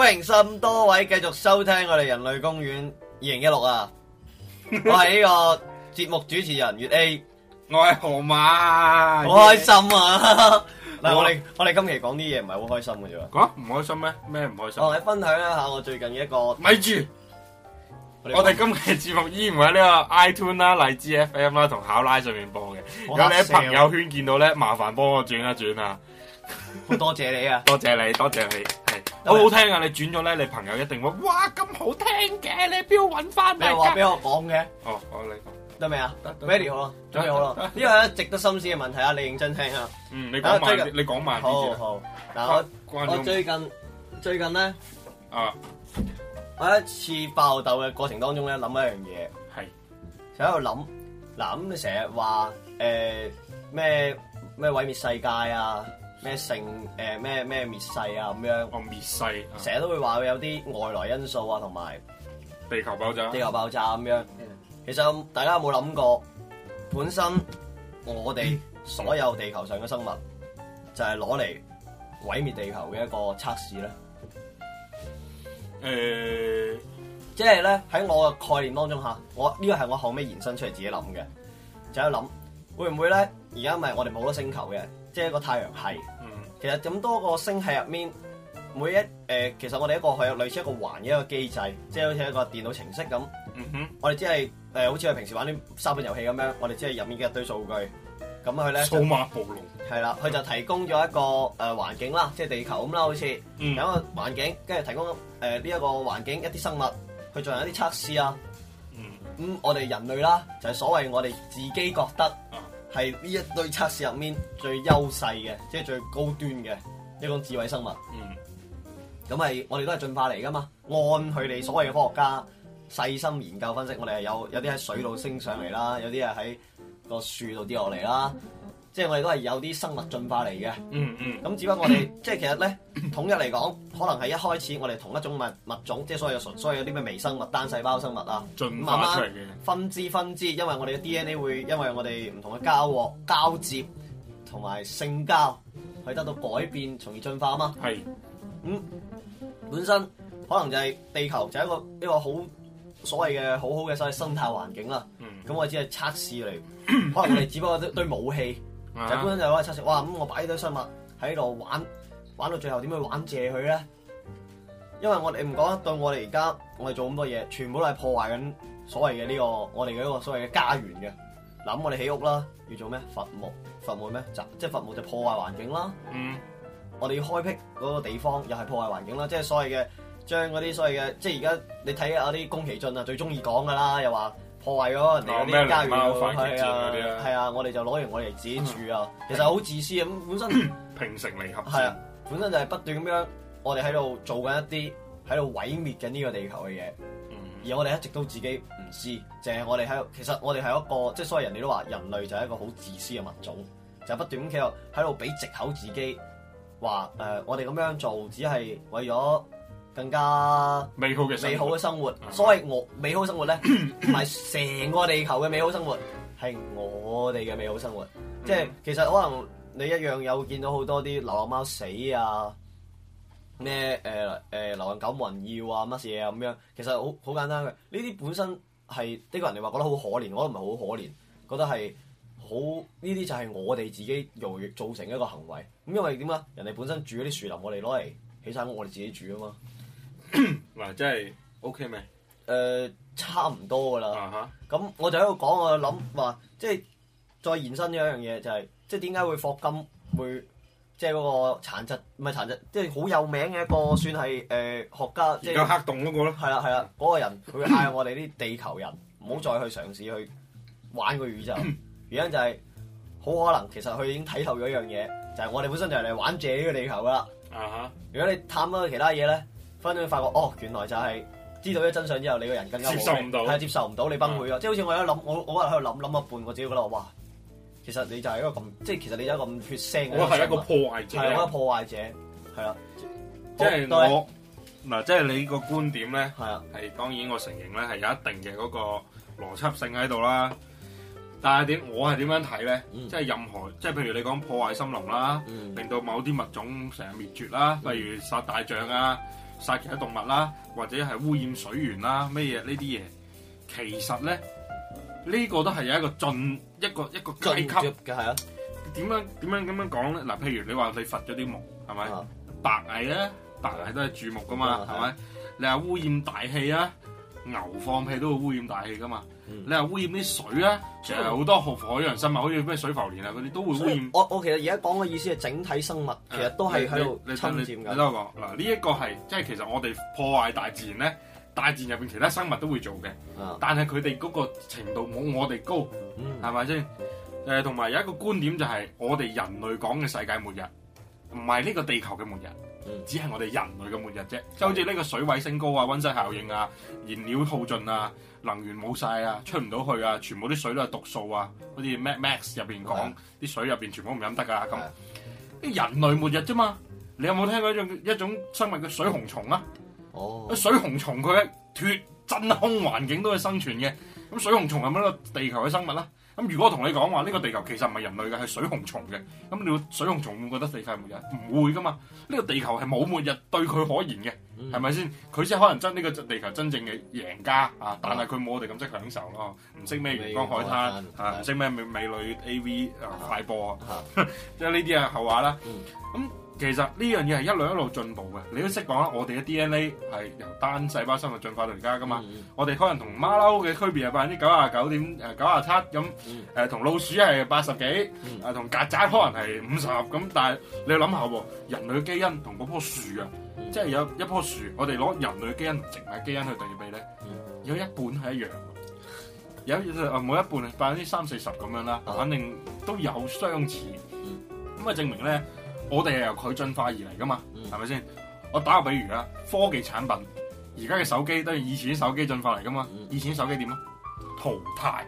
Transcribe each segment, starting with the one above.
歡迎咁多位繼續收聽我哋人類公園二零一六啊！我係呢個節目主持人粵 A，我係河馬，好開心啊！嗱，我哋我哋今期講啲嘢，唔係好開心嘅啫，講唔開心咩？咩唔開心？我哋分享一下我最近一個，咪住，我哋今期節目依然喺呢個 iTunes 啦、荔枝 FM 啦、同考拉上面播嘅。有你喺朋友圈見到咧，麻煩幫我轉一轉啊！好多謝你啊！多謝你，多謝你。好好聽啊！你轉咗咧，你朋友一定會哇咁好聽嘅，你邊度搵翻嚟？你話俾我講嘅。哦、oh, oh, oh.，好，你得未啊？得，ready 好啦，準備好啦。呢個咧值得深思嘅問題啊，你認真聽啊。嗯，你講埋、啊，你講埋，好好。嗱，啊、但我，關我我最近最近咧啊，喺一次爆斗嘅過程當中咧，諗一樣嘢，係就喺度諗。嗱，咁你成日話誒咩咩毀滅世界啊？咩性，誒咩咩滅世啊咁樣？哦滅世、啊，成日都會話會有啲外來因素啊，同埋地球爆炸、地球爆炸咁樣、嗯。其實大家有冇諗過，本身我哋所有地球上嘅生物就是拿來滅的、嗯，就係攞嚟毀滅地球嘅一個測試咧，誒，即係咧喺我嘅概念當中吓，我呢個係我後尾延伸出嚟自己諗嘅，就喺度諗會唔會咧？而家咪我哋冇得星球嘅。即係一個太陽系，其實咁多個星系入面，每一誒，其實我哋一個係類似一個環嘅一個機制，即係好似一個電腦程式咁。我哋即係誒，好似我哋平時玩啲沙盤遊戲咁樣，我哋即係入面嘅一堆數據咁佢咧。數碼暴龍係啦，佢就提供咗一個誒環境啦，即係地球咁啦，好似有一個環境，跟住提供誒呢一個環境一啲生物去進行一啲測試啊。咁我哋人類啦，就係所謂我哋自己覺得。係呢一堆測試入面最優勢嘅，即係最高端嘅一種智慧生物。嗯，咁係我哋都係進化嚟噶嘛？按佢哋所謂嘅科學家細心研究分析，我哋係有有啲喺水度升上嚟啦，有啲係喺個樹度跌落嚟啦。即係我哋都係有啲生物進化嚟嘅。嗯嗯。咁只不過我哋即係其實咧。統一嚟講，可能係一開始我哋同一種物物種，即係所謂純，所謂啲咩微生物、單細胞生物啊，進化出嚟嘅分支分支，因為我哋嘅 DNA 會因為我哋唔同嘅交和交接同埋性交，去得到改變，從而進化啊嘛。係，咁、嗯、本身可能就係地球就係、一個一個好所謂嘅好好嘅生態環境啦。咁、嗯、我只係測試嚟， 可能我哋只不過堆武器、嗯，就本身就係可以測試。哇！咁我擺堆生物喺度玩。玩到最後點去玩借佢咧？因為我哋唔講，對我哋而家我哋做咁多嘢，全部都係破壞緊所謂嘅呢、呢個我哋嘅個所謂嘅家園嘅。嗱咁我哋起屋啦，叫做咩？伐木伐木咩？即係伐木就破壞環境啦。嗯。我哋要開闢嗰個地方，又係破壞環境啦。即係所謂嘅將嗰啲所謂嘅，即係而家你睇下啲宮崎駿啊，最中意講㗎啦，又話破壞咗人哋啲家園嘅風啊。係啊，啊，啊，我哋就攞完我哋自己住啊、嗯，其實好自私啊。咁本身平成離合。啊。本身就係不斷咁樣，我哋喺度做緊一啲喺度毀滅緊呢個地球嘅嘢、嗯，而我哋一直都自己唔知，淨係我哋喺度。其實我哋係一個，即係所謂人哋都話人類就係一個好自私嘅物種，就是、不斷咁企喺度，喺俾藉口自己話誒、呃，我哋咁樣做只係為咗更加美好嘅美好嘅生活。的生活嗯、所謂我美好生活咧，唔係成個地球嘅美好生活，係我哋嘅美好生活。即、嗯、係、就是、其實可能。你一樣有見到好多啲流浪貓死啊，咩誒誒流浪狗冇人要啊乜事啊咁樣？其實好好簡單嘅，呢啲本身係呢個人哋話覺得好可憐，我都唔係好可憐，覺得係好呢啲就係我哋自己容易造成一個行為。咁因為點啊？人哋本身住嗰啲樹林，我哋攞嚟起晒屋，我哋自己住啊嘛。嗱，即係 OK 咩？誒、呃，差唔多噶啦。咁、uh -huh. 我就喺度講，我諗話，即係再延伸咗一樣嘢就係、是。即係點解會霍金會即係嗰個殘疾唔係殘疾，即係好有名嘅一個算係誒、呃、學家，即係黑洞嗰個咯。係啦係啦，嗰、那個人佢嗌我哋啲地球人唔好再去嘗試去玩個宇宙，原 因就係好可能其實佢已經睇透咗一樣嘢，就係、是、我哋本身就係嚟玩自己嘅地球噶啦。Uh -huh. 如果你探嗰其他嘢咧，翻咗去發覺哦，原來就係知道咗真相之後，你個人更加接受唔到，係接受唔到，你崩潰啊！Uh -huh. 即係好似我而家諗，我我今日喺度諗諗咗半個朝噶啦，哇！其實你就係一個咁，即係其實你有一個咁血腥。我係一個破壞者。係一個破壞者。係啊，即係、就是、我，嗱，即係你個觀點咧，係啊，當然我承認咧係有一定嘅嗰個邏輯性喺度啦。但係點？我係點樣睇咧？即係任何，即係譬如你講破壞森林啦，令到某啲物種成日滅絕啦，例如殺大象啊，殺其他動物啦，或者係污染水源啦，咩嘢呢啲嘢？其實咧，呢、這個都係有一個盡。一個一個階級嘅，係啊，點樣點樣咁樣講咧？嗱，譬如你話你伐咗啲木，係咪？白蟻啊，白蟻都係蛀木噶嘛，係咪？你話污染大氣啊，牛放屁都會污染大氣噶嘛、嗯。你話污染啲水啊，即係好多河海洋生物，好似咩水浮蓮啊嗰啲都會污染。我我其實而家講嘅意思係整體生物，啊、其實都係喺度你侵佔㗎。你聽我講嗱，呢、嗯、一、這個係即係其實我哋破壞大自然咧。大自然入面其他生物都會做嘅、嗯，但係佢哋嗰個程度冇我哋高，係咪先？誒，同埋有一個觀點就係，我哋人類講嘅世界末日，唔係呢個地球嘅末日，嗯、只係我哋人類嘅末日啫。即好似呢個水位升高啊、溫室效應啊、燃料耗盡啊、能源冇晒啊、出唔到去啊，全部啲水都係毒素啊，好似 Max 入邊講，啲、嗯、水入邊全部唔飲得噶咁、嗯。人類末日啫嘛，你有冇聽過一種一種生物叫水紅蟲啊？哦、oh，水熊蟲佢脫真空環境都可以生存嘅，咁水熊蟲係咪一個地球嘅生物啦？咁如果我同你講話呢個地球其實唔係人類嘅，係水熊蟲嘅，咁你水熊蟲會唔會覺得世界末日的？唔會噶嘛，呢、這個地球係冇末日對佢可言嘅，係咪先？佢先可能真呢、這個地球真正嘅贏家啊！但係佢冇我哋咁識享受咯，唔識咩陽光海灘，唔識咩美美女 A V 快播，即係呢啲係後話啦。咁、啊。嗯其實呢樣嘢係一路一路進步嘅，你都識講啦。我哋嘅 DNA 係由單細胞生物進化到而家噶嘛。我哋可能同馬騮嘅區別係百分之九十九點誒九十七咁，誒同老鼠係八十幾，誒同曱甴可能係五十咁。但係你要諗下喎，人類嘅基因同嗰棵樹啊，即係有一棵樹，我哋攞人類嘅基因同植物嘅基因去對比咧，有一半係一樣，有一誒冇一半咧，百分之三四十咁樣啦，肯定都有相似。咁啊，證明咧。我哋係由佢進化而嚟噶嘛，係咪先？我打個比喻啊：科技產品而家嘅手機都係以前啲手機進化嚟噶嘛、嗯，以前手機點啊？淘汰。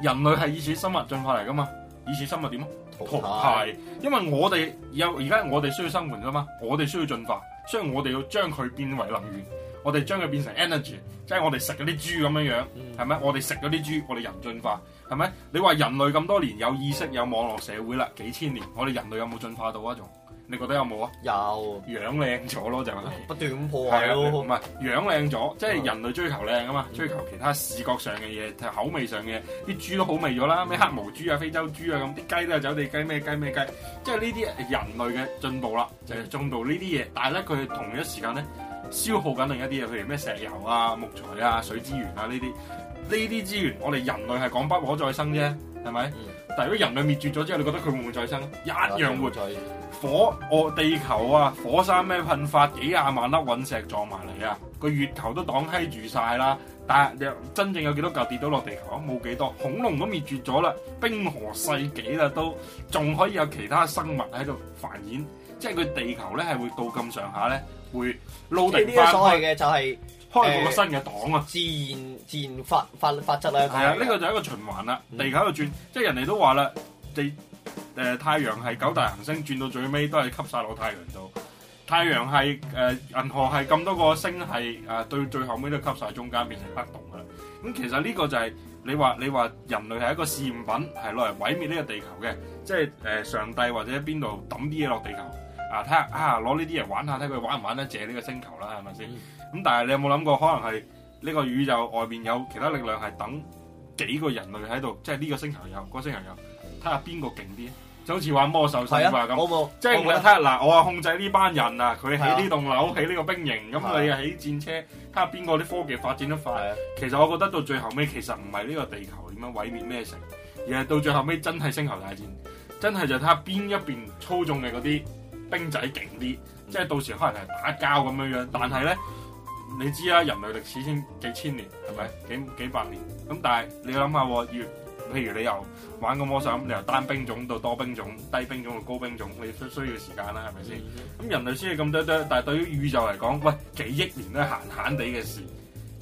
人類係以前生物進化嚟噶嘛，以前生物點啊？淘汰。因為我哋有而家我哋需要生活噶嘛，我哋需要進化，所以我哋要將佢變為能源。我哋將佢變成 energy，即係我哋食嗰啲豬咁樣樣，係、嗯、咪？我哋食嗰啲豬，我哋人進化，係咪？你話人類咁多年有意識有網絡社會啦，幾千年，我哋人類有冇進化到啊？仲你覺得有冇啊？有，養靚咗咯，就係、是、不斷咁破壞咯，唔係養靚咗，即、就、係、是、人類追求靚啊嘛，嗯、追求其他視覺上嘅嘢，口味上嘅，啲豬都好味咗啦，咩、嗯、黑毛豬啊、非洲豬啊咁，啲雞都有走地雞咩雞咩雞，雞，雞，雞，雞，即係呢啲人類嘅進步啦，就係進到呢啲嘢，但係咧佢同一時間咧。消耗緊另一啲嘢，譬如咩石油啊、木材啊、水資源啊呢啲，呢啲資源我哋人類係講不可再生啫，係咪？嗯、但係如果人類滅絕咗之後，你覺得佢會唔會再生、嗯？一樣會。會會再火哦，地球啊，火山咩噴發，幾廿萬粒隕石撞埋嚟啊，個月球都擋閪住晒啦。但係真正有幾多嚿跌到落地球？冇、哦、幾多。恐龍都滅絕咗啦，冰河世紀啦都，仲可以有其他生物喺度繁衍。即係佢地球咧係會到咁上下咧。會撈定所去嘅就係開，開個新嘅檔啊！自然自然法法法則啦，係啊，呢個就係一個循環啦、嗯，地球喺度轉，即係人哋都話啦，地誒太陽系九大行星轉到最尾都係吸晒落太陽度。太陽系誒銀河系咁多個星系誒對最後尾都吸晒中間變成黑洞噶啦，咁、嗯、其實呢個就係、是、你話你話人類係一個試驗品，係攞嚟毀滅呢個地球嘅，即係誒、呃、上帝或者邊度抌啲嘢落地球。啊！睇下啊，攞呢啲嘢玩下，睇佢玩唔玩得借呢個星球啦，係咪先？咁、嗯、但係你有冇諗過，可能係呢個宇宙外邊有其他力量係等幾個人類喺度，即係呢個星球有，嗰、那個星球有，睇下邊個勁啲，就好似玩魔獸世界咁，即係睇下嗱，我話、啊、控制呢班人啊，佢起呢棟樓，啊、起呢個兵營，咁、啊、你又起戰車，睇下邊個啲科技發展得快、啊。其實我覺得到最後尾，其實唔係呢個地球點樣毀滅咩城，而係到最後尾真係星球大戰，真係就睇下邊一邊操縱嘅嗰啲。兵仔勁啲，即係到時可能係打交咁樣樣。但係咧，你知啦、啊，人類歷史先幾千年，係咪？幾幾百年咁？但係你諗下，越譬如你由玩個魔想、嗯，你由單兵種到多兵種、低兵種到高兵種，你都需要時間啦，係咪先？咁、嗯、人類先係咁多多，但係對於宇宙嚟講，喂，幾億年都閒閒地嘅事，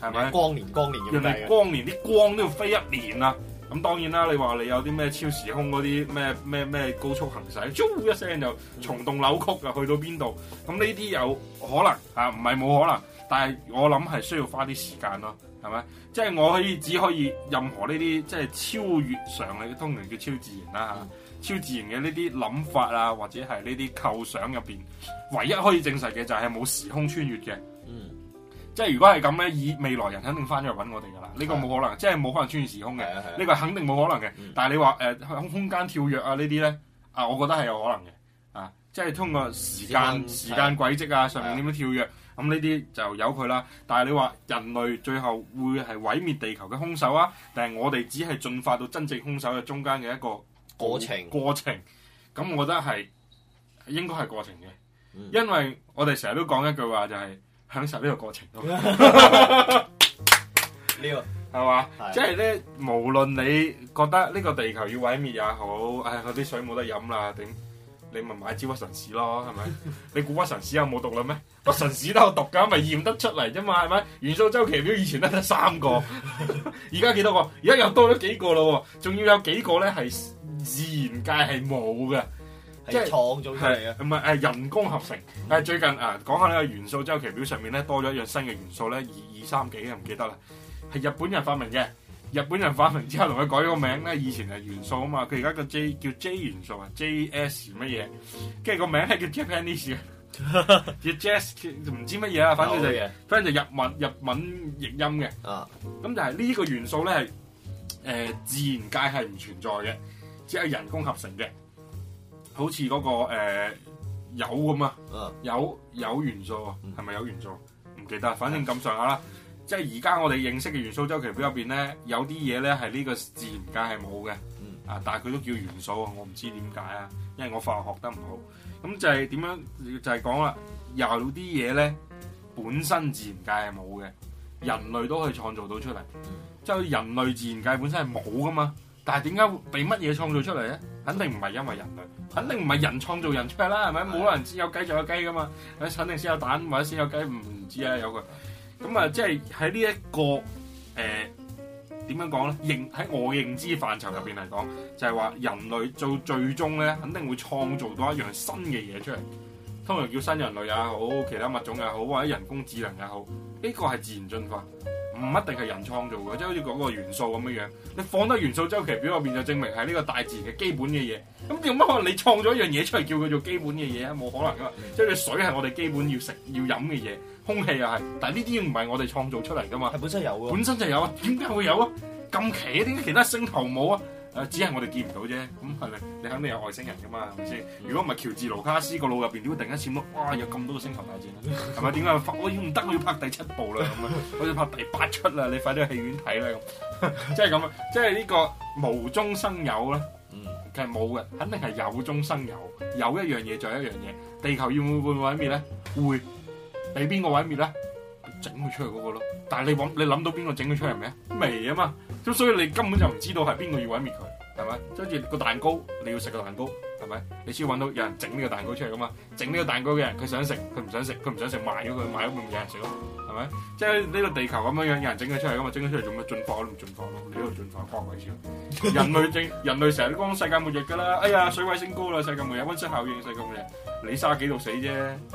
係咪？光年光年咁，人類光年啲光都要飛一年啦、啊。咁當然啦，你話你有啲咩超時空嗰啲咩咩咩高速行駛啾一聲就蟲洞扭曲啊，去到邊度？咁呢啲有可能，唔係冇可能，但係我諗係需要花啲時間咯，係咪？即係我可以只可以任何呢啲即係超越常理嘅通常叫超自然啦，啊，超自然嘅呢啲諗法啊，或者係呢啲構想入邊，唯一可以證實嘅就係冇時空穿越嘅。即係如果係咁咧，以未來人肯定翻咗嚟搵我哋噶啦，呢、呢個冇可能，是啊、即係冇可能穿越時空嘅，呢、啊啊呢個肯定冇可能嘅、嗯。但係你話誒、呃、空間跳躍啊呢啲呢啲咧，啊，我覺得係有可能嘅，啊，即係通過時間、嗯、時間軌跡啊，啊上面點樣跳躍，咁呢啲就有佢啦。但係你話人類最後會係毀滅地球嘅兇手啊？定係我哋只係進化到真正兇手嘅中間嘅一個過程過程，咁我覺得係應該係過程嘅、嗯，因為我哋成日都講一句話就係、是。嗯享受呢個過程咯，呢個係嘛？即係咧，無論你覺得呢個地球要毀滅也好，哎，我啲水冇得飲啦，頂，你咪買支屈臣氏咯，係咪？你估屈臣氏有冇毒啦？咩？屈臣氏都有毒噶，咪驗得出嚟啫嘛，係咪？元素周期表以前得得三個，而家幾多個？而家又多咗幾個咯，仲要有幾個咧係自然界係冇嘅。係創造嘅，唔係誒人工合成。但、嗯、誒最近啊，講下呢個元素周期表上面咧多咗一樣新嘅元素咧，二二三幾啊唔記得啦。係日本人發明嘅，日本人發明之後同佢改咗個名咧。以前係元素啊嘛，佢而家個 J 叫 J 元素啊，JS 乜嘢？跟住個名係叫 Japanese 嘅，J S 唔知乜嘢啊，反正就係、係， 反正就日文日文譯音嘅。啊，咁就係呢個元素咧係誒自然界係唔存在嘅，只係人工合成嘅。好似嗰、那個有油咁啊，有有元素啊，係咪有元素？唔、嗯、記得了，反正咁上下啦。即係而家我哋認識嘅元素周期表入邊咧，有啲嘢咧係呢個自然界係冇嘅，啊，但係佢都叫元素啊。我唔知點解啊，因為我化學學得唔好。咁就係點樣？就係講啦，有啲嘢咧本身自然界係冇嘅，人類都可以創造到出嚟、嗯。即係人類自然界本身係冇㗎嘛。但係點解畀乜嘢創造出嚟咧？肯定唔係因為人類，肯定唔係人創造人出嚟啦，係咪？冇人先有雞就有雞噶嘛，肯定先有蛋或者先有雞，唔知啊有個咁啊，即係喺、這個呃、呢一個誒點樣講咧？認喺我認知範疇入邊嚟講，就係、是、話人類做最終咧，肯定會創造到一樣新嘅嘢出嚟，通常叫新人類也好，其他物種也好，或者人工智能也好，呢、這個係自然進化。唔一定係人創造嘅，即係好似嗰個元素咁樣樣，你放得元素周期表入邊就證明係呢個大自然嘅基本嘅嘢。咁點解可能你創咗一樣嘢出嚟叫佢做基本嘅嘢啊？冇可能噶嘛，即係水係我哋基本要食要飲嘅嘢，空氣又係，但係呢啲唔係我哋創造出嚟噶嘛？係本身有啊，本身就有啊，點解會有啊？咁奇啊！點解其他星球冇啊？誒，只係我哋見唔到啫，咁係咪？你肯定有外星人㗎嘛，係咪先？如果唔係喬治盧卡斯個腦入邊點會突然間閃乜？哇，有咁多個星球大戰啊，係咪？點解我已經唔得？我要拍第七部啦，咁啊，我要拍第八出啦，你快啲去戲院睇啦，咁，即係咁啊，即係呢個無中生有啦。嗯，其實冇嘅，肯定係有中生有，有一樣嘢就有一樣嘢。地球要會唔會毀滅咧？會，俾邊個毀滅咧？整佢出嚟嗰個咯，但係你諗你諗到邊個整佢出嚟咩？未啊嘛，咁所以你根本就唔知道係邊個要毀滅佢，係咪？跟住個蛋糕你要食個蛋糕，係咪？你先揾到有人整呢個蛋糕出嚟噶嘛？整呢個蛋糕嘅人佢想食，佢唔想食，佢唔想食，賣咗佢，賣咗佢咪有人食咯，係咪？即係呢個地球咁樣樣有人整佢出嚟噶嘛？整佢出嚟做咩進化都唔進化咯？你喺度進化發鬼線，人類人類成日都講世界末日噶啦，哎呀，水位升高啦，世界末日，溫室效應，世界末日，你卅幾度死啫，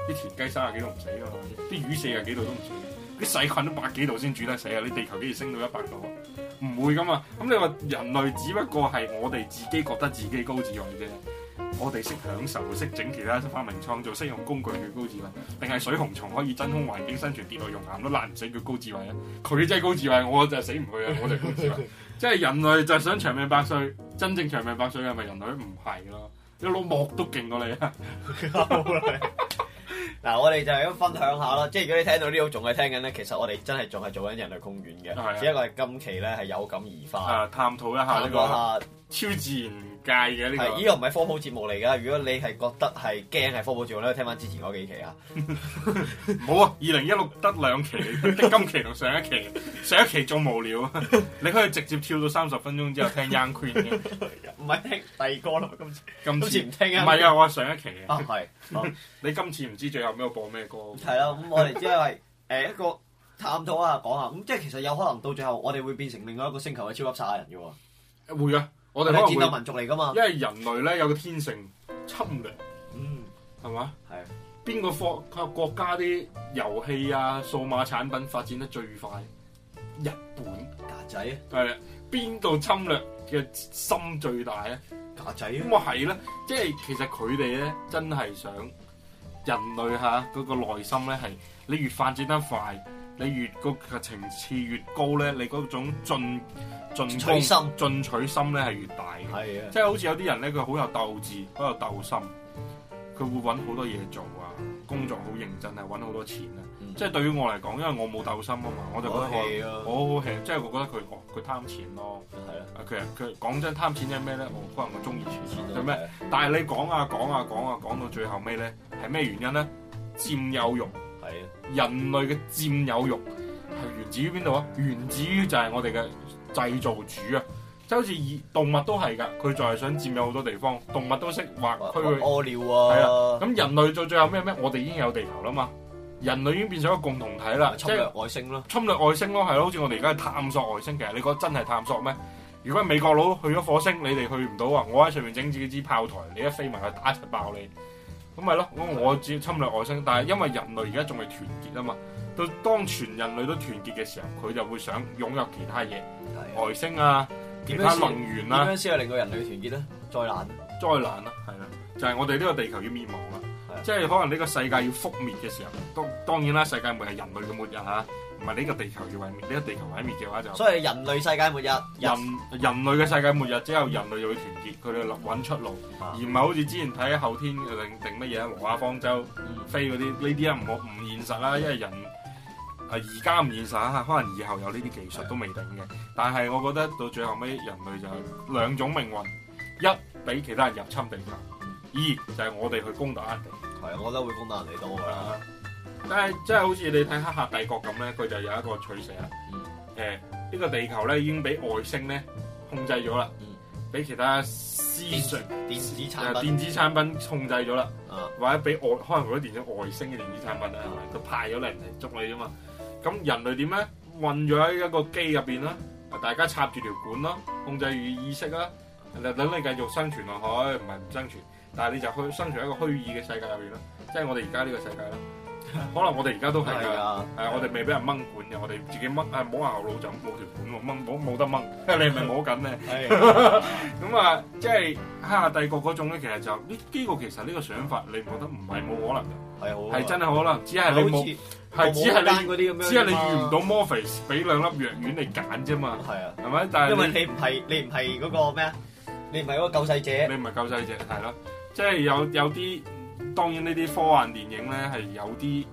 啲田雞卅幾度唔死啊嘛，啲魚四十幾度都唔死。啲細菌都百幾度先煮得死啊！你地球幾時升到一百度不啊？唔會噶嘛？咁你話人類只不過係我哋自己覺得自己高智慧啫，我哋識享受、識整其他、發明創造、識用工具叫高智慧，定係水熊蟲可以真空環境生存、跌落熔岩都爛唔死叫高智慧咧？佢真係高智慧，我就死唔去啊！我哋高智慧， 即係人類就係想長命百歲，真正長命百歲係咪人類？唔係咯，你老莫都勁過你啊！ 嗱、啊，我哋就係咁分享下咯，即係如果你聽到呢度仲係聽緊咧，其實我哋真係仲係做緊人類公園嘅，只不過係今期咧係有感而發，探討一下呢個超自然。介意嘅呢、呢個係，依、呢個唔係科普節目嚟噶。如果你係覺得係驚係科普節目咧，你聽翻之前嗰幾期 啊。好啊，二零一六得兩期，今期同上一期，上一期仲無聊啊。你可以直接跳到三十分鐘之後聽 Young Queen 嘅，唔係聽第二個咯。今次今次唔聽啊？唔係啊，我係上一期啊。係啊 你今次唔知最後咩播咩歌？係啊，咁我哋即係誒一個探討下講下，咁即係其實有可能到最後我哋會變成另外一個星球嘅超級殺人嘅喎、嗯。會嘅、啊。我哋戰鬥民族嚟㗎嘛，因為人類咧有個天性侵略，嗯，係嘛？係邊個國啊，國家啲遊戲啊數碼產品發展得最快？日本，架仔啊，係啊，邊度侵略嘅心最大啊？架仔咁啊係啦，即係其實佢哋咧真係想人類嚇嗰個內心咧係，你越發展得快。你越個層次越高咧，你嗰種進進進進取心咧係越大嘅，啊，即係好似有啲人咧，佢好有鬥志，好有鬥心，佢會揾好多嘢做啊，嗯、工作好認真啊，揾好多錢啊。嗯、即係對於我嚟講，因為我冇鬥心啊嘛，嗯，我就覺得啊，我好氣、嗯、即係我覺得佢佢貪錢咯。係啊，佢佢講真貪錢係咩咧？我可能我中意存錢，啊。咩？但係你講啊講啊講啊講，啊、到最後尾咧，係咩原因咧？佔有慾。人類嘅佔有慾係源自於邊度啊？源自於就係我哋嘅製造主啊！即係好似動物都係㗎，佢就係想佔有好多地方。動物都識挖，佢屙尿啊！係啦，咁人類到最後咩咩？我哋已經有地球啦嘛，人類已經變成一個共同體啦、就係，侵略外星咯，侵略外星咯，係咯，好似我哋而家係探索外星其實，你覺得真係探索咩？如果美國佬去咗火星，你哋去唔到啊！我喺上面整自己支炮台，你一飛埋去打一出爆你。咁咪咯，我只要侵略外星，但係因為人類而家仲未團結啊嘛。到當全人類都團結嘅時候，佢就會想擁有其他嘢，外星啊，其他能源啊，點樣先可以令到人類嘅團結咧？災難，災難啦、啊，係啦，就係、是、我哋呢個地球要滅亡啊，即係可能呢個世界要覆滅嘅時候。當，當然啦，世界唔係人類嘅末日嚇、啊。唔係呢個地球要毀滅，呢、這個地球毀滅嘅話就所以人類世界末日，yes. 人人類嘅世界末日之後，人類就會團結，佢哋揾出路，嗯、而唔係好似之前睇後天定定乜嘢啊，挪亞方舟飛嗰啲呢啲啊唔好唔現實啦，因為人啊而家唔現實啊，可能以後有呢啲技術都未定嘅，但係我覺得到最後尾人類就係兩種命運，一俾其他人入侵地球，嗯、二就係、是、我哋去攻打人，人哋係我覺得會攻打人哋多嘅。但係，即係好似你睇《黑客帝國》咁咧，佢就有一個取捨啦。誒、嗯，呢、欸呢個地球咧已經俾外星咧控制咗啦，俾、嗯、其他思上電，電、呃、電子產品控制咗啦、啊，或者俾外可能好多電子外星嘅電子產品啦，都派咗嚟人哋捉你啊嘛。咁人類點咧？混咗喺一個機入邊啦，大家插住條管咯，控制住意識啦，就等你繼續生存落去，唔係唔生存，但係你就去生存喺一個虛擬嘅世界入邊啦，即、就、係、是、我哋而家呢個世界咯。可能我哋而家都係啊，係啊，我哋未俾人掹管嘅，我哋自己掹，唔好話後腦枕冇條管喎，掹冇冇得掹，你係咪摸緊咧？咁啊，即係哈帝國嗰種咧，其實就呢個其實呢個想法，你覺得唔係冇可能嘅，係好，係真係可能，只係你冇，係只係你嗰啲咁樣，只係你遇唔到 Morpheus 俾兩粒藥丸嚟揀啫嘛？係啊，係咪？但係因為你唔係你唔係嗰個咩啊？你唔係嗰個救世者，你唔係救世者係咯？即係有有啲。當然這些呢啲科幻電影咧係有啲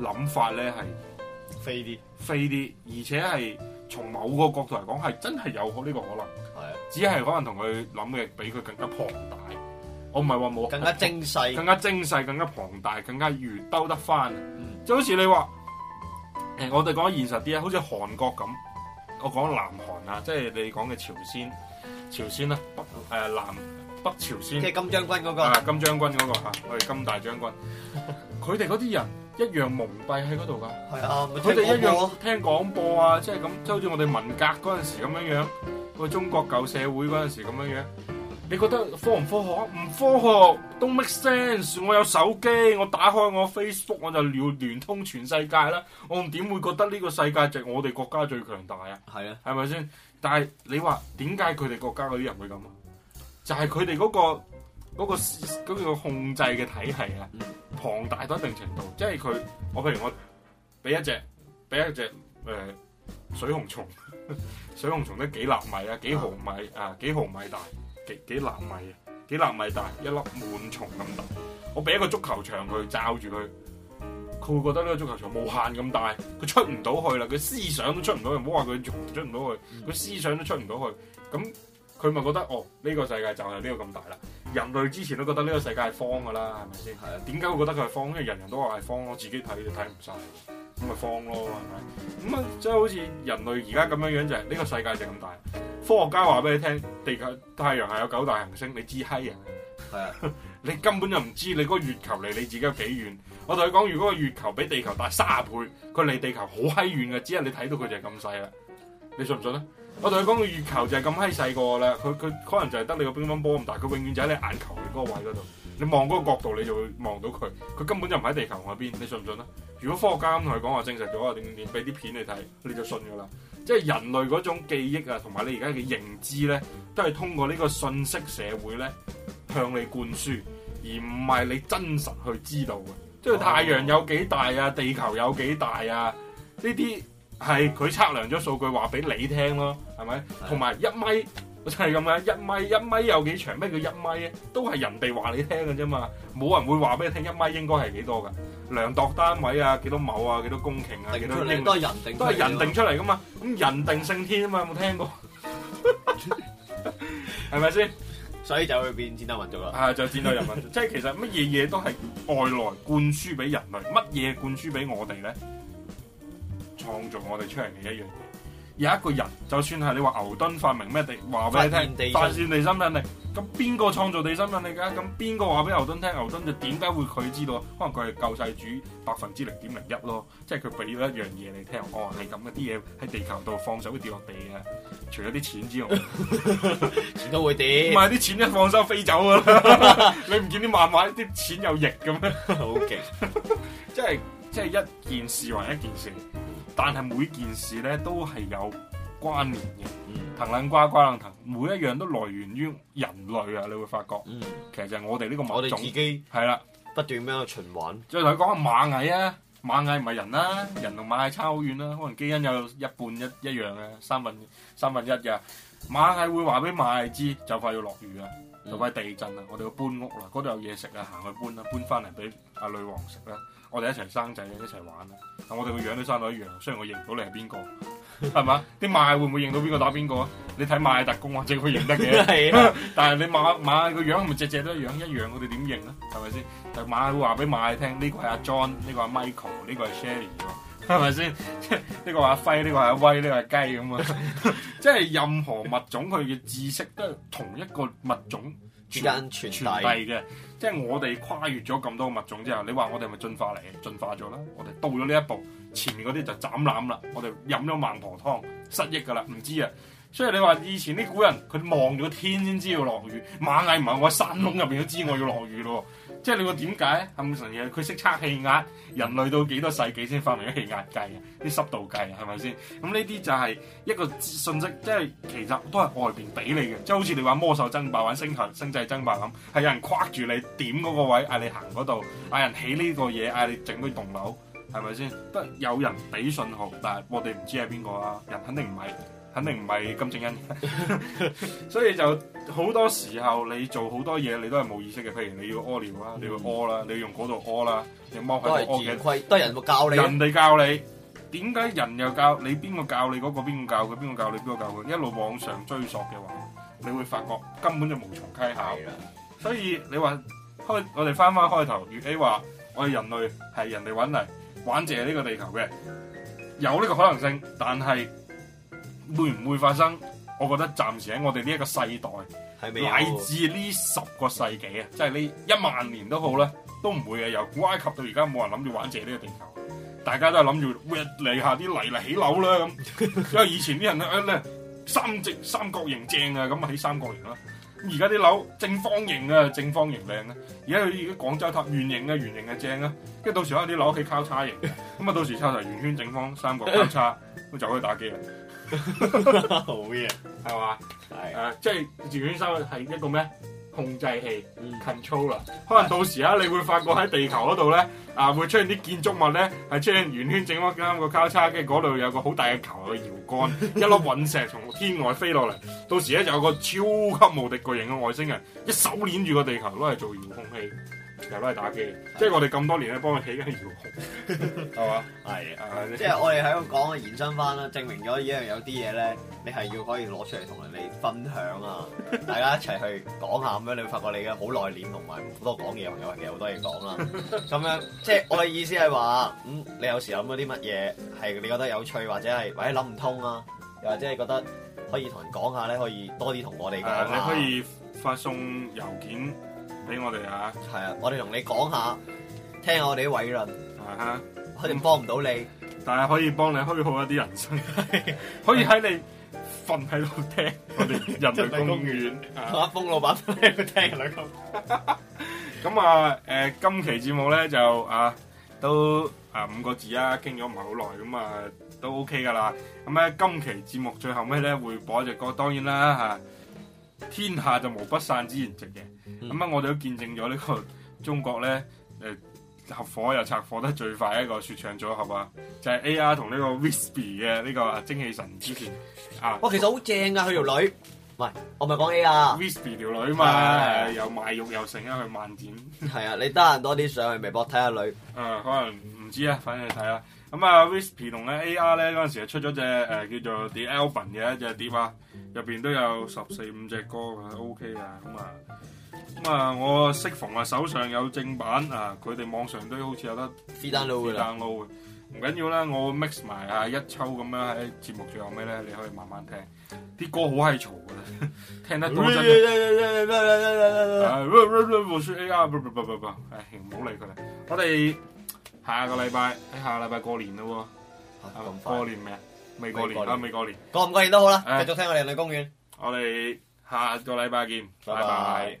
諗法咧係飛啲飛啲，而且係從某個角度嚟講係真係有呢個可能，係只係可能同佢諗嘅比佢更加龐大，嗯、我唔係話冇更加精細，更加精細更加龐大更加越兜得翻，即係好似你話誒，我哋講現實啲啊，好似韓國咁，我講南韓啊，即係你講嘅朝鮮，朝鮮啦北誒南。北朝鮮，即係金將軍嗰、嗰個、啊，金將軍嗰、嗰個我哋、啊、金大將軍，佢哋嗰啲人一樣蒙蔽喺嗰度㗎，係啊，佢哋一樣聽廣播啊，播啊即係咁，就好似我哋文革嗰陣時咁樣樣，個中國舊社會嗰陣時咁樣樣，你覺得科唔科學啊？唔科學都 make sense，我有手機，我打開我 Facebook，我就聯聯通全世界啦，我唔點會覺得呢個世界就係我哋國家最強大係啊？係啊，係咪先？但係你話點解佢哋國家嗰啲人會咁啊？就係佢哋嗰個嗰個嗰個控制嘅體系啊，龐大到一定程度，即係佢我譬如我俾一隻俾一隻誒、呃、水紅蟲，水紅蟲都幾納米啊，幾毫米啊，幾毫米大，幾幾納米、啊，幾納米大，一粒蟎蟲咁大，我俾一個足球場佢罩住佢，佢會覺得呢個足球場無限咁大，佢出唔到去啦，佢思想都出唔到去，唔好話佢出唔到去，佢思想都出唔到去，咁。佢咪覺得哦？呢、呢個世界就係呢個咁大啦！人類之前都覺得呢個世界係方噶啦，係咪先？係啊，點 解樂會覺得佢係方？因為人人都話係方我自己睇睇唔晒，咁咪方咯，係咪？咁啊，即 係樂、嗯、好似人類而家咁樣樣就係、係、呢個世界就咁大。科學家話俾你聽，地球太陽系有九大行星，你知閪啊？係啊，你根本就唔知你嗰個月球離你自己有幾遠。我同你講，如果個月球比地球大三倍，佢離地球好閪遠嘅，只係你睇到佢就係咁細啦。你信唔信啊？我同佢講個月球就係咁閪細個啦，佢佢可能就係得你個乒乓波咁大，佢永遠就喺你眼球嘅嗰個位嗰度。你望嗰個角度你就會望到佢，佢根本就唔喺地球外邊。你信唔信啦？如果科學家咁同佢講話，證實咗啊點點點，俾啲片你睇，你就信噶啦。即係人類嗰種記憶啊，同埋你而家嘅認知咧，都係通過呢個信息社會咧向你灌輸，而唔係你真實去知道嘅、哦。即係太陽有幾大啊，地球有幾大啊，呢啲。係佢測量咗數據話俾你聽咯，係咪？同埋、啊、一米，我真係咁樣，一米一米有幾長？咩叫一米咧？都係人哋話你聽嘅啫嘛，冇人會話俾你聽一米應該係幾多噶？量度單位啊，幾多畝啊，幾多公頃啊，幾多英都係人定，都係人定出嚟噶嘛？咁 人定勝天啊嘛，有冇聽過？係咪先？所以就會變戰鬥民族喇啊。係就戰鬥人民族， 即係其實乜嘢嘢都係外來灌輸俾人類，乜嘢灌輸俾我哋咧？創造我哋出嚟嘅一樣嘢，有一個人就算係你話牛頓發明咩地，話俾你聽發現地，地心引力，咁邊個創造地心引力嘅？咁邊個話俾牛頓聽？牛頓就點解會佢知道？可能佢係救世主百分之零點零一咯，即係佢俾咗一樣嘢你聽，哦係咁嘅，啲嘢喺地球度放手會跌落地嘅，除咗啲錢之外， 錢都會跌，唔係啲錢一放手飛走啊！ 你唔見啲漫畫啲錢有翼嘅咩？好、okay。勁， 即係即係一件事還一件事。但係每件事咧都係有關聯嘅、嗯，藤捻瓜瓜捻藤，每一樣都來源於人類啊！你會發覺，嗯、其實就係我哋呢個物種，係啦，不斷咁樣循環。再同佢講下螞蟻啊，螞蟻唔係人啦、啊，人同螞蟻差好遠啦，可能基因有一半一一樣嘅、啊，三分三分一嘅。螞蟻會話俾螞蟻知就快要落雨啊！又、嗯、威地震啦！我哋要搬屋啦，嗰度有嘢食啊，行去搬啦，搬翻嚟俾阿女王食啦，我哋一齊生仔，一齊玩啦。我哋個樣都生到一樣，雖然我認唔到你係邊個，係 嘛？啲馬會唔會認到邊個打邊個啊？你睇馬特工或者會認得嘅， 但係你馬馬個樣係咪只只都一樣一樣？我哋點認啊，係咪先？就是，馬會話俾馬聽呢、呢個係阿 John，呢個係 Michael，呢個係 Sherry。係咪先？呢 個話輝，呢、這個係威，呢、這個係雞咁啊！ 即係任何物種，佢嘅知識都係同一個物種之間傳遞嘅。 即係我哋跨越咗咁多物種之後，你話我哋咪進化嚟，進化咗啦。我哋到咗呢一步，前面嗰啲就斬纜啦。我哋飲咗孟婆湯，失憶噶啦，唔知啊。所以你話以前啲古人佢望住個天先知要落雨，螞蟻唔係我喺山窿入邊都知我要落雨咯。 即係你話點解冚神嘢？佢識測氣壓，人類到幾多世紀先發明咗氣壓計啊？啲濕度計係咪先？咁呢啲就係一個信息，即係其實都係外邊俾你嘅，即係好似你玩魔獸爭霸、玩星球、星際爭霸咁，係有人跨住你點嗰個位，嗌你行嗰度，嗌人起呢個嘢，嗌你整嗰棟樓，係咪先？得有人俾信號，但係我哋唔知係邊個啦，人肯定唔係。肯定唔係金正恩，所以就好多時候你做好多嘢，你都係冇意識嘅。譬如你要屙尿啦，你要屙啦，你要用嗰度屙啦，亦望喺度屙嘅。都係自愧，都係人會教你。人哋教你，點解人又教你？邊個教你嗰個？邊個教佢？邊個教你？邊個教佢？一路往上追溯嘅話，你會發覺根本就無從稽考。所以你話開，我哋翻翻開頭，月 A 話我哋人類係人哋搵嚟，玩謝呢個地球嘅，有呢個可能性，但係。會唔會發生？我覺得暫時喺我哋呢一個世代，是乃至呢十個世紀啊，即係呢一萬年都好啦，都唔會嘅。由古埃及到而家，冇人諗住玩借呢個地球，大家都係諗住掘泥下啲嚟嚟起樓啦。咁因為以前啲人咧，三正三角形正啊，咁啊起三角形啦。咁而家啲樓正方形啊，正方形靚啊。而家佢而家廣州塔圓形啊，圓形嘅正啊。跟住到時可能啲樓起交叉形，咁 啊到時交叉圓圈、正方、三角交叉，咁就可以打機啦。好 嘢 厲害笑，係嘛？係誒，即係自圈收係一個咩控制器 control 啦、嗯嗯。可能到時啊， 你會發覺喺地球嗰度咧啊，會出現啲建築物咧，係出現圓圈整咗啱個交叉，跟住嗰度有個好大嘅球嘅桿，個搖杆一粒隕石從天外飛落嚟，到時咧、啊、就有個超級無敵巨型嘅外星人，一手捻住個地球，攞嚟做遙控器。又攞去打機，即係我哋咁多年咧幫佢起緊搖紅，係嘛？係 好吧、 呃，即係我哋喺度講嘅延伸翻啦， 證明咗一樣有啲嘢咧，你係要可以攞出嚟同人哋分享啊！ 大家一齊去講下咁樣，你會發覺你嘅好內斂同埋唔多講嘢有朋友、啊，好多嘢講啦。咁樣即係我嘅意思係話，咁、嗯、你有時諗到啲乜嘢係你覺得有趣，或者係或者諗唔通啊，又或者係覺得可以同人講下咧，可以多啲同我哋講、啊呃、你可以發送郵件。俾我哋啊！係啊，我哋同你講下，聽下我哋啲偉論。係啊幫、嗯可幫，可能幫唔到你，但係可以幫你虛耗一啲人生， 可以喺你瞓喺度聽我哋人類公園。公園啊、阿峰老闆喺度聽人類公園。咁 啊，誒、呃，今期節目咧就啊，都啊五個字啊，傾咗唔係好耐，咁啊都 OK 噶啦。咁咧、啊，今期節目最後尾咧會播一隻歌，當然啦吓、啊，天下就無不散之筵席嘅。咁啊，我哋都見證咗呢個中國咧，誒、呃、合火又拆火得最快的一個說唱組合啊，就係、是、A R 同呢個 Whispy 嘅呢、這個啊精氣神之前啊，哇、啊哦，其實好正啊佢條女，唔係我咪講 AR Whispy 條女嘛、啊，又賣肉又成啊，佢萬剪，係啊，你得閒多啲上去微博睇下女，啊、嗯，可能唔知啊，反正你睇下。咁啊 Whispy 同咧 A R 咧嗰陣時出咗隻誒叫做 The Album 嘅一隻碟啊，入邊都有十四五隻歌、嗯、啊，OK 啊，咁啊。咁啊！我適逢啊手上有正版啊，佢哋網上都好似有得 download 嘅，download 嘅，唔緊要啦。我 mix 埋啊一抽咁樣喺節目最後尾咧，你可以慢慢聽，啲歌好閪嘈嘅，聽得多真。哎呀，唔好理佢啦。我哋下個禮拜，下個禮拜過年嘞喎，過年咩啊？未過年啊？未過年，過唔過年都好啦。繼續聽我哋人類公園。我哋下個禮拜見，拜拜。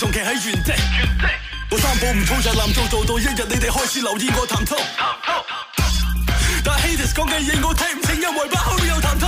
仲企喺原地，我三寶唔粗製濫造做，到一日你哋開始留意我談吐。但 haters 講嘅嘢我聽唔清，因為把口又談吐。